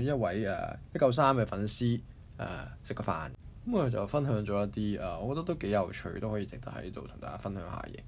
一位誒一九三嘅粉絲誒食個飯，咁佢就分享咗一啲誒，uh, 我覺得都幾有趣，都可以值得喺度同大家分享下嘢。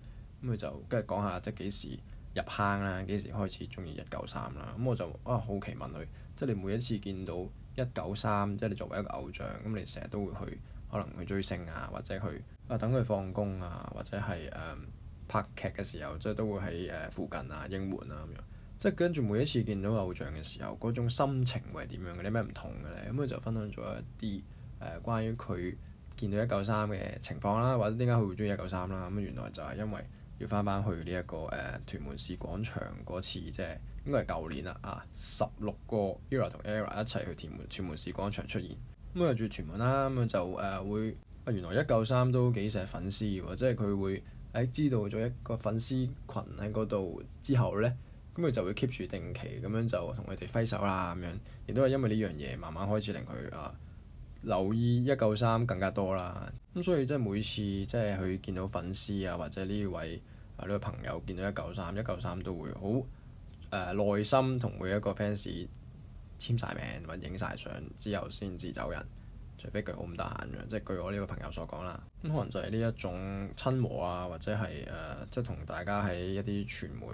咁佢就跟住講下即係幾時入坑啦，幾時開始中意一九三啦。咁我就啊好奇問佢，即係你每一次見到一九三，即係你作為一個偶像，咁你成日都會去可能去追星啊，或者去啊等佢放工啊，或者係誒、um, 拍劇嘅時候，即係都會喺誒、uh, 附近啊應援啊咁樣。即係跟住每一次見到偶像嘅時候，嗰種心情會係點樣嘅？啲咩唔同嘅咧？咁佢就分享咗一啲誒、呃、關於佢見到一九三嘅情況啦，或者點解佢會中意一九三啦。咁、嗯、原來就係因為要返返去呢、這、一個誒、呃、屯門市廣場嗰次，即係應該係舊年啦啊，十六個 Era 同 Era 一齊去屯門屯門市廣場出現咁啊，住、嗯嗯、屯門啦。咁、嗯、啊就誒會啊，原來一九三都幾錫粉絲喎，即係佢會誒、哎、知道咗一個粉絲群喺嗰度之後咧。咁佢就會 keep 住定期咁樣就同佢哋揮手啦。咁樣亦都係因為呢樣嘢，慢慢開始令佢啊、呃、留意一九三更加多啦。咁、嗯、所以即係每次即係佢見到粉絲啊，或者呢位啊呢個朋友見到一九三，一九三都會好誒、呃、耐心同每一個 fans 簽晒名或者影晒相之後先至走人，除非佢好唔得閒嘅。即係據我呢個朋友所講啦。咁、嗯、可能就係呢一種親和啊，或者係誒、呃、即係同大家喺一啲傳媒，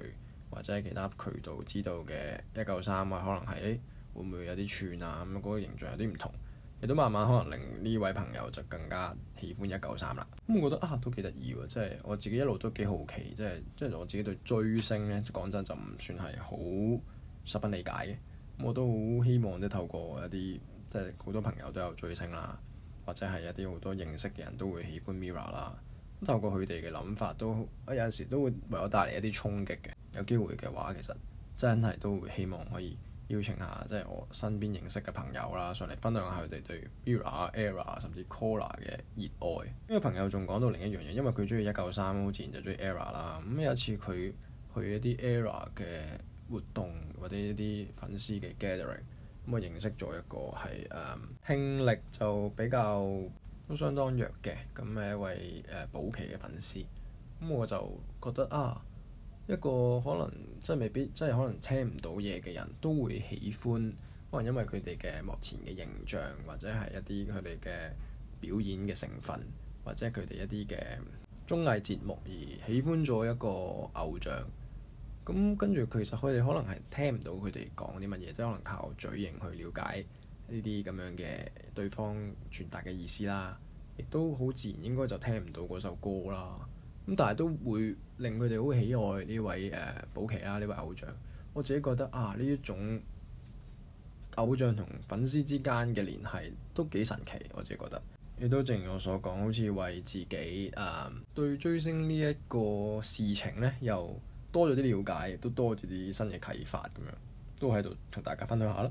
或者係其他渠道知道嘅一九三，啊，可能係會唔會有啲串啊？咁、那、嗰個形象有啲唔同，亦都慢慢可能令呢位朋友就更加喜歡一九三啦。咁、嗯、我覺得啊，都幾得意喎！即係我自己一路都幾好奇，即係即係我自己對追星咧，講真就唔算係好十分理解嘅。咁、嗯、我都好希望即係透過一啲即係好多朋友都有追星啦，或者係一啲好多認識嘅人都會喜歡 MIRROR 啦。咁透過佢哋嘅諗法都，都有陣時都會為我帶嚟一啲衝擊嘅。有機會嘅話，其實真係都會希望可以邀請下，即係我身邊認識嘅朋友啦，上嚟分享下佢哋對 Mirror、Error 甚至 Collar 嘅熱愛。呢個朋友仲講到另一樣嘢，因為佢中意一九三，好自然就中意 Error 啦。咁有一次佢去一啲 Error 嘅活動或者一啲粉絲嘅 gathering，咁啊認識咗一個係誒聽力就比較都相當弱嘅咁嘅一位誒保錡嘅粉絲，咁我就覺得啊～一個可能真係未必，真係可能聽唔到嘢嘅人都會喜歡，可能因為佢哋嘅幕前嘅形象，或者係一啲佢哋嘅表演嘅成分，或者佢哋一啲嘅綜藝節目而喜歡咗一個偶像。咁跟住其實佢哋可能係聽唔到佢哋講啲乜嘢，即係可能靠嘴型去了解呢啲咁樣嘅對方傳達嘅意思啦，亦都好自然應該就聽唔到嗰首歌啦。咁但係都會令佢哋好喜愛呢位誒寶琦啦，呢、呃、位偶像。我自己覺得啊，呢一種偶像同粉絲之間嘅聯繫都幾神奇。我自己覺得，亦都正如我所講，好似為自己誒、呃、對追星呢一個事情呢，又多咗啲了解，亦都多咗啲新嘅啟發咁樣，都喺度同大家分享下啦。